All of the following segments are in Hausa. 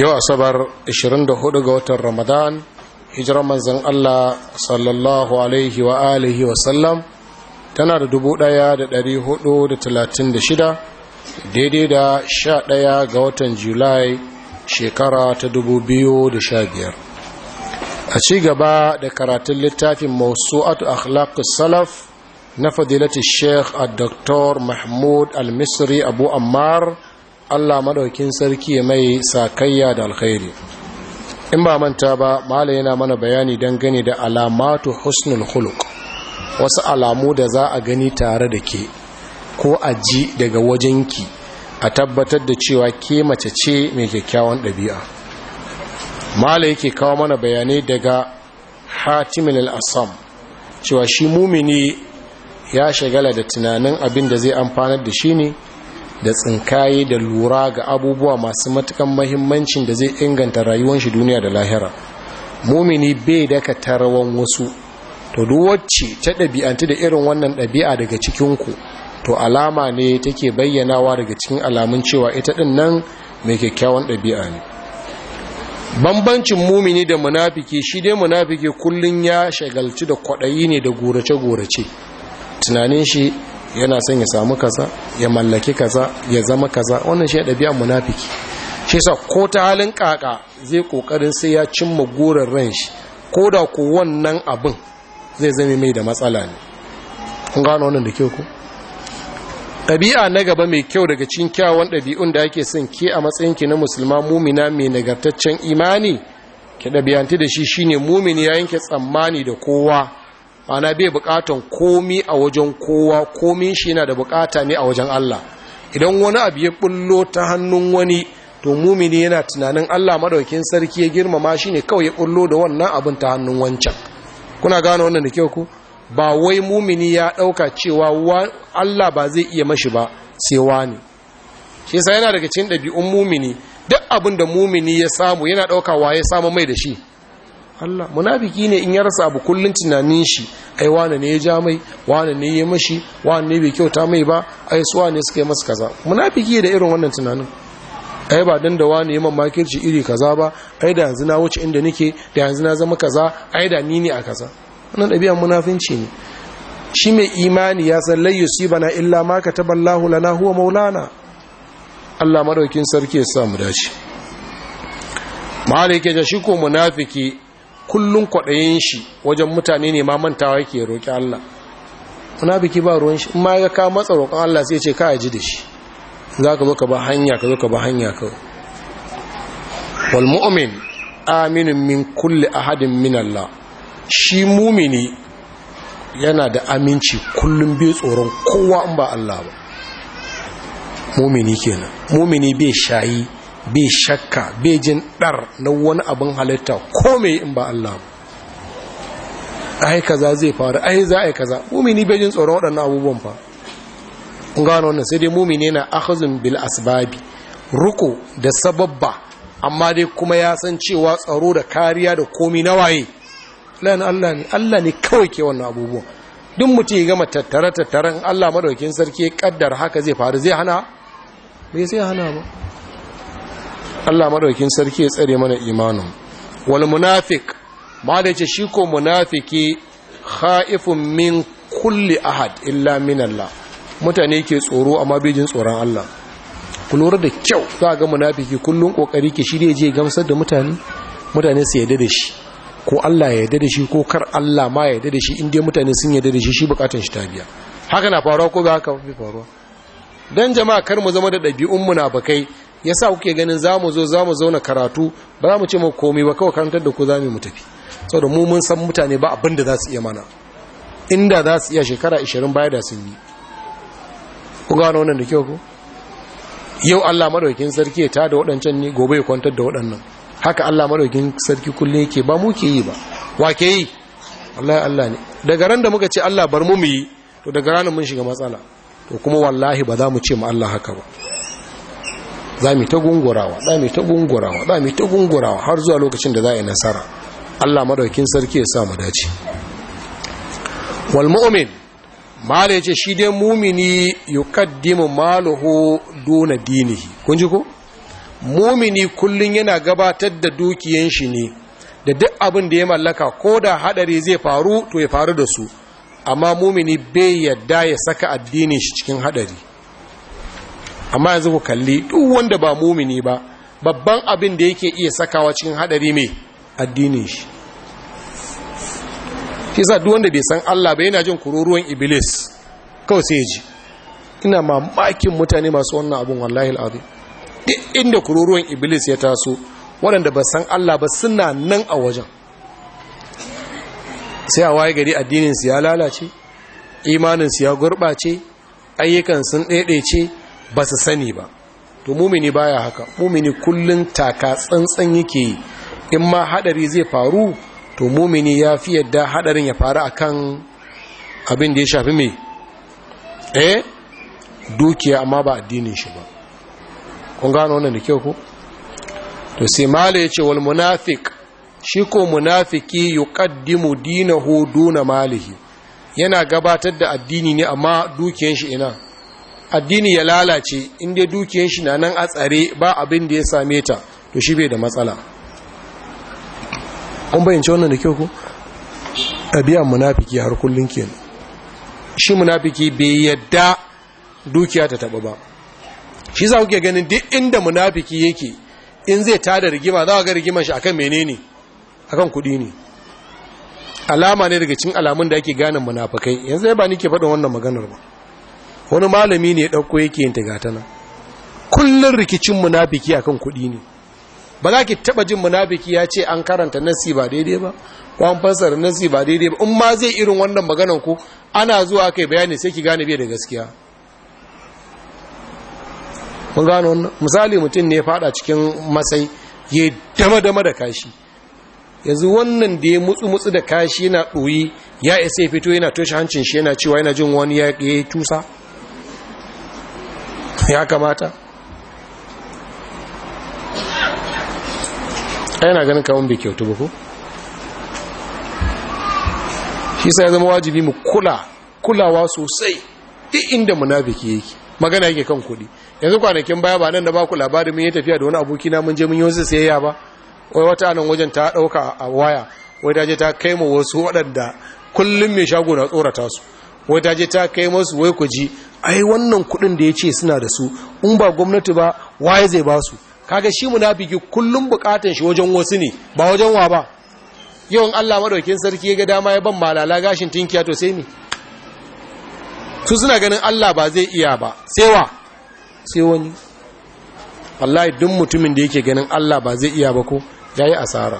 yau asabar 24 ga watan ramadan hijira manzan Allah sallallahu alaihi wa alihi wa sallam tana da da talatin shida, daidai da sha 11 ga watan julai shekara ta da sha biyar. a ci gaba da karatun littafin mausu'atu akhlaqus salaf na fadilatu sheikh a dr mahmud al-misri abu ammar Allah maɗaukin sarki mai sakayya da alkhairi in ba manta ba mala yana mana bayani dangane da alamatu husnul huluk wasu alamu da za a gani tare da ke ko a ji daga wajenki a tabbatar da cewa ke mace ce mai kyakkyawan ɗabi'a mala yake kawo mana bayanai daga hatimin al'asam cewa shi mumini ya shagala da tunanin abin da zai amfanar da shi ne da tsinkaye da lura ga abubuwa masu matukan mahimmancin da zai inganta rayuwar shi duniya da lahira mumini bai daka tarawan wasu to duk wacce ta ɗabi'antu da irin wannan ɗabi'a daga cikinku to alama ne take bayyanawa daga cikin alamun cewa ita ɗin nan mai kyakkyawan ɗabi'a ne bambancin mumini da munafiki shi dai munafiki kullum ya shagalci da kwaɗayi ne da gorace-gorace tunanin shi yana son ya samu kaza ya mallaki kaza ya zama kaza wannan shi ya ɗabi'a munafiki shi sa ko ta halin kaka zai kokarin sai ya cimma gurin ran shi ko da ko wannan abin zai zame mai da matsala ne kun gano wannan da kyau ku ɗabi'a na gaba mai kyau daga cikin kyawun ɗabi'un da ake son ke a matsayin matsayinki na musulma mumina mai nagartaccen imani ki ɗabi'anti da shi shine mumini ya yanke tsammani da kowa mana bai bukatan komi a wajen kowa komi shi yana da bukata ne a wajen Allah idan wani abu ya bullo ta hannun wani to mumini yana tunanin Allah madaukin sarki ya girmama shi ne kawai ya bullo da wannan abin ta hannun wancan kuna gane wannan da kyau ku ba wai mumini ya dauka cewa Allah ba zai iya mashi ba sai wani shi yasa yana daga cikin dabi'un mumini duk abin da mumini ya samu yana dauka waye ya samu mai da shi Allah munafiki ne in ya rasa abu kullun tunanin shi ai wane ne ya ja mai wane ne ya mashi wane ne bai kyauta mai ba ai su wane suka yi masa kaza munafiki da irin wannan tunanin ai ba dan da wane ya makirci iri kaza ba ai da yanzu na wuce inda nake da yanzu na zama kaza ai da ni ne a kaza wannan dabi'a munafinci ne shi mai imani ya san lai yusibana illa ma kataballahu lana huwa maulana Allah madaukin sarki ya sa mu dace malike da shi ko munafiki kullun kwaɗayin shi wajen mutane ne ma mantawa yake roƙi Allah Kuna biki ba ruwan shi ma ga ka matsa roƙon Allah sai ce ka ji da shi za ka zo ka ba hanya ka zo ka ba hanya ka wal mu'min aminin min kulli ahadin min Allah shi mumini yana da aminci kullum bai tsoron kowa in ba Allah ba mumini kenan mumini bai shayi bai shakka bai jin dar na wani abin halitta ko in ba Allah ba ai kaza zai faru ai za ai kaza mumini bai jin tsoron waɗannan abubuwan fa in gano wannan sai dai mumini na akhazun bil asbabi ruku da sababba amma dai kuma ya san cewa tsaro da kariya da komi na waye lan Allah ne Allah ne kawai ke wannan abubuwan duk mutum ya gama tattare tattaren Allah madaukin sarki ya kaddar haka zai faru zai hana bai sai hana ba Allah madaukin sarki ya tsare mana imanin wal munafiq da ce shi ko munafiki khaifun min kulli ahad illa min Allah mutane ke tsoro amma bai jin tsoron Allah ku lura da kyau za ga munafiki kullun kokari ke shi je gamsar da mutane mutane su yarda da shi ko Allah ya yarda da shi ko kar Allah ma ya yarda da shi in mutane sun yarda da shi shi bukatun shi ta biya haka na faruwa ko ba haka ba faruwa dan jama'a kar mu zama da ɗabi'un munafikai Ya sa kuke ganin za mu zo za mu zauna karatu ba za mu ce mu komai ba kawai karantar da ku za mu tafi saboda mu mun san mutane ba abin da za su iya mana inda za su iya shekara 20 baya da sun yi ku gano wannan da kyau ku yau Allah madaukakin sarki ya tada waɗancan ne gobe ya kwantar da waɗannan haka Allah madaukakin sarki kulle yake ba mu ke yi ba wa ke yi wallahi Allah ne daga ran da muka ce Allah bar mu mu yi to daga ranar mun shiga matsala to kuma wallahi ba za mu ce mu Allah haka ba za mu ta gungurawa za mu ta gungurawa za mu ta gungurawa har zuwa lokacin da za a yi nasara Allah madaukin sarki ya sa mu dace wal mu'min mala yace shi dai mumini yuqaddimu maluhu duna dinihi kun ji ko mumini kullun yana gabatar da dukiyan shi ne da duk abin da ya mallaka ko da hadari zai faru to ya faru da su amma mumini bai yadda ya saka addinin shi cikin hadari amma yanzu ku kalli duk wanda ba mumini ba babban abin da yake iya sakawa cikin hadari mai addinin shi shi sa duk wanda bai san Allah ba yana jin kururuwan iblis kawai sai ji ina mamakin mutane masu wannan abun wallahi alazim duk inda kururuwan iblis ya taso waɗanda ba san Allah ba suna nan a wajen sai a waye gari su ya lalace imanin su ya gurɓace ayyukan sun ɗaiɗaice ba su sani ba to mumini baya haka mumini kullun taka tsantsan yake yi in ma hadari zai faru to mumini ya fi yadda hadarin ya faru akan abin da ya shafi mai eh dukiya amma ba addinin shi ba kun gano wannan da kyau ko to sai mala yace wal munafiq shi ko munafiki yuqaddimu dinahu duna malihi yana gabatar da addini ne amma dukiyar shi ina addini ya lalace inda dukiyar shi na nan a tsare ba abin da ya same ta to shi bai da matsala an bayyance wannan da kyau ku ɗabi'a munafiki har kullum kenan shi munafiki bai yadda dukiya ta taba ba shi za ke ganin duk inda munafiki yake in zai tada rigima za ga rigimar shi akan menene akan kuɗi ne alama ne daga cin alamun da ake ganin munafikai yanzu ba ni ke faɗin wannan maganar ba wani malami ne ya ɗauko yake yin tagatana kullum rikicin munafiki akan kuɗi ne ba za ki taɓa jin munafiki ya ce an karanta nasi ba daidai ba ko an nasi ba daidai ba in ma zai irin wannan maganan ko ana zuwa aka yi bayani sai ki gane bai da gaskiya mun gano wannan misali mutum ne ya fada cikin masai ya dama dama da kashi yanzu wannan da ya mutsu mutsu da kashi yana ɗoyi ya isa ya fito yana toshe hancin shi yana cewa yana jin wani ya tusa ya kamata yana ganin kawon bai kyautu ba ko shi sai ya zama wajibi mu kula kulawa sosai duk inda munafiki yake magana yake kan kuɗi yanzu kwanakin baya ba nan da ba ku labarin mun yi tafiya da wani aboki na mun je mun yi wasu sayayya ba wai wata nan wajen ta ɗauka a waya wai ta je ta kai mu wasu waɗanda kullum mai shago na tsorata su wai ta je ta kai masu wai ku ji ai wannan kuɗin da ya ce suna da su in ba gwamnati ba waye zai ba su kaga shi bigi kullum bukatan shi wajen wasu ne ba wajen wa ba yawan Allah madaukin sarki ya ga dama ya ban malala gashin tinkiya to sai ni. su suna ganin Allah ba zai iya ba sai wa sai wani wallahi duk mutumin da yake ganin Allah ba zai iya ba ko yi asara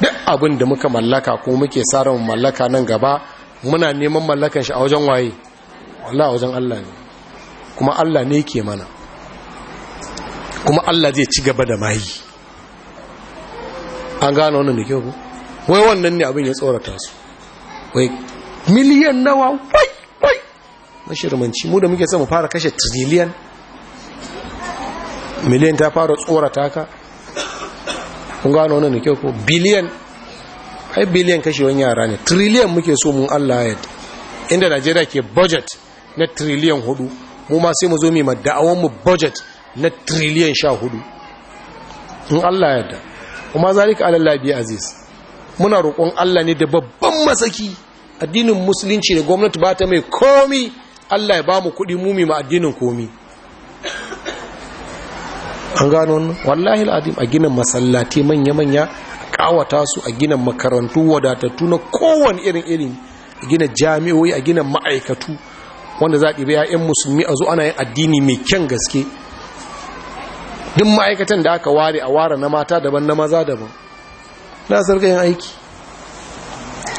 duk abin da muka mallaka ko muke mu mallaka nan gaba muna neman mallakan shi a wajen waye wallahi a wajen Allah ne kuma Allah ne ke mana kuma Allah zai ci gaba da mayi an gano wannan da kyau ko wai wannan ne abin ya tsorata su wai miliyan nawa wai wai mashirmanci mu da muke son mu fara kashe trillion miliyan ta fara tsorata ka kun gano wannan da kyau ko biliyan ai biliyan kashewan yara ne triliyan muke so mun Allah ya inda Najeriya ke budget na triliyan hudu mu ma sai mu zo mu madda'awan mu budget na triliyan sha hudu in Allah ya da kuma zalika alallahi bi aziz muna roƙon Allah ne da babban masaki addinin musulunci da gwamnati ba ta mai komi Allah ya ba mu kuɗi mumi ma addinin komi an gano wannan wallahi al'adim a ginin masallati manya-manya da'awata su a gina makarantu wadatattu na kowane irin irin a gina jami'oi a gina ma'aikatu wanda za a ɗiba 'ya'yan musulmi a zo ana yin addini mai kyan gaske duk ma'aikatan da aka ware a ware na mata daban na maza daban na zargayen aiki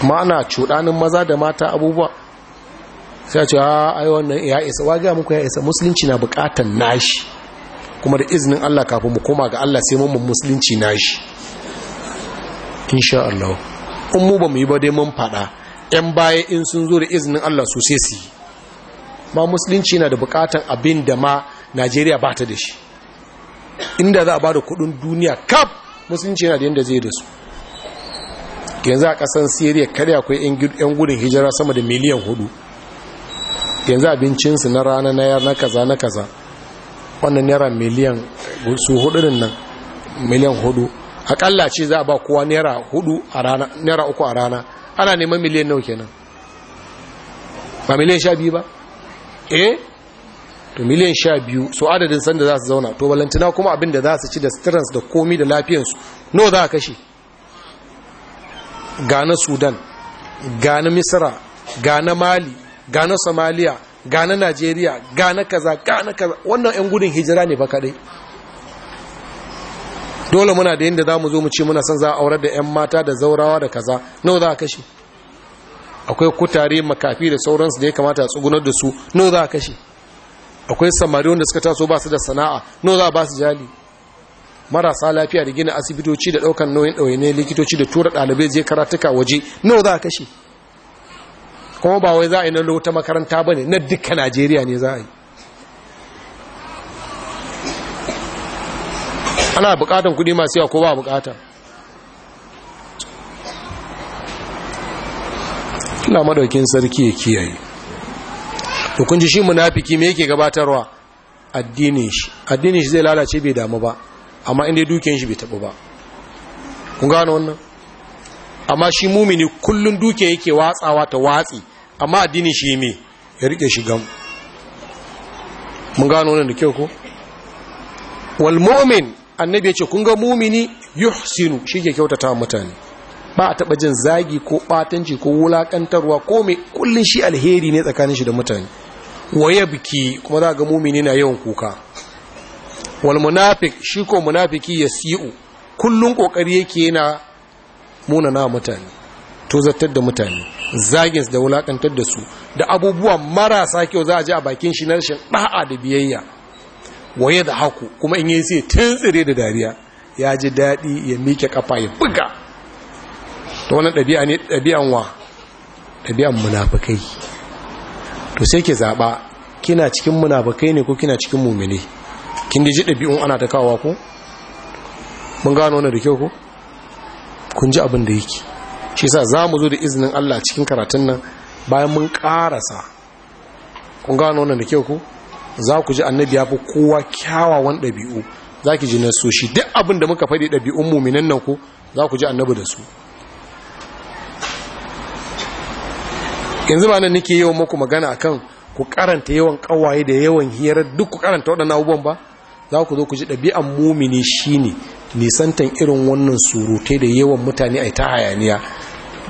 ma ana cuɗanin maza da mata abubuwa sai ce ah, ai wannan ya isa wa ga muku ya isa musulunci na bukatan nashi kuma da izinin Allah kafin mu koma ga Allah sai mun musulunci nashi insha Allah in mu ba mu yi ba dai mun fada yan baya in sun zo da izinin Allah su sai su yi ma musulunci na da bukatan abin da ma Najeriya ba ta da shi inda za a ba da kudin duniya kaf musulunci yana da yanda zai da su yanzu a kasan Syria kare akwai yan gudun hijira sama da miliyan hudu yanzu abincinsu na rana na yar na kaza na kaza wannan naira miliyan su hudu nan miliyan hudu akalla ce za a ba kowa naira hudu a rana naira uku a rana ana neman miliyan nau kenan ba miliyan sha biyu ba eh to miliyan sha biyu so adadin sanda za su zauna to balantina kuma abin da za su ci da strans da komi da lafiyansu no za a kashe gane sudan gane Misira, gane mali gane Somaliya, gane najeriya gane kaza gane kaza wannan 'yan gudun hijira ne ba kadai dole muna da yadda za mu zo mu ce muna son za a aurar da 'yan mata da zaurawa da kaza N'o za a kashe akwai kutare makafi da sauransu da ya kamata a tsugunar da su N'o za a kashe akwai samari wanda suka taso ba su da sana'a N'o za a ba su jali marasa lafiya da gina asibitoci da ɗaukan nauyin ne likitoci da tura ɗalibai je karatuka waje N'o za a kashe kuma ba wai za a yi na wata makaranta ba ne na dukkan najeriya ne za a yi ana bukatan kudi masu yawa ko ba bukata ina madaukin sarki ya kiyaye hukunci shi munafiki me yake gabatarwa addinin shi addinin shi zai lalace bai damu ba amma inda dukiyar shi bai tabu ba kun gano wannan amma shi mumini kullun dukiyar yake watsawa ta watsi amma addinin shi me ya rike shi gam mun gano wannan da kyau ko wal mu'min annabi ya ce kun ga mumini yuhsinu shi ke kyautata mutane ba a taɓa jin zagi ko ɓatanci ko wulaƙantarwa ko mai kullum shi alheri ne tsakanin shi da mutane waye biki kuma za ga mumini na yawan kuka wal munafik shi ko munafiki ya si'u kullum ƙoƙari yake yana munana mutane tozartar da mutane zagin da wulaƙantar da su da abubuwa marasa kyau za a ji a bakin shi na rashin ɗa'a da biyayya waye da haku kuma in yi sai tuntsire da dariya ya ji daɗi ya miƙe ƙafa ya buga ta wani ɗabi'a ne ɗabi'an wa ɗabi'an munafukai to sai ke zaɓa kina cikin munafukai ne ko kina cikin mumini kin ji ɗabi'un ana ta kawo ko mun gano wannan da kyau ko kun ji abin da yake shi yasa za mu zo da izinin Allah cikin karatun nan bayan mun ƙarasa kun gano wannan da kyau ko za ku ji annabi ya fi kowa kyawawan ɗabi'u za ki ji shi? duk abin da muka faɗi ɗabi'un muminan nan ku za ku ji annabi da su yanzu ba nan nake yawan maku magana akan ku karanta yawan kawaye da yawan hirar duk ku karanta waɗannan abubuwan ba za ku zo ku ji ɗabi'an mumini ne, nisantan irin wannan surutai da yawan mutane a ta hayaniya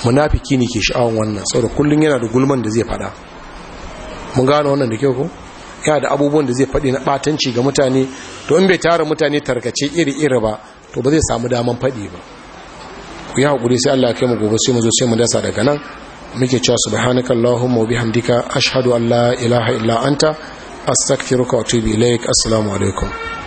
munafiki ne ke sha'awan wannan saboda kullum yana da gulman da zai faɗa mun gane wannan da kyau ko ya da abubuwan da zai faɗi na ɓatanci ga mutane to in bai tara mutane tarkace iri-iri ba to ba zai samu daman faɗi ba ku yi haƙuri sai Allah kai mu gobe sai mu zo sai mu dasa daga nan muke cewa subhanaka allahumma wa bihamdika ashhadu an la ilaha illa anta astaghfiruka wa atubu ilaik assalamu alaikum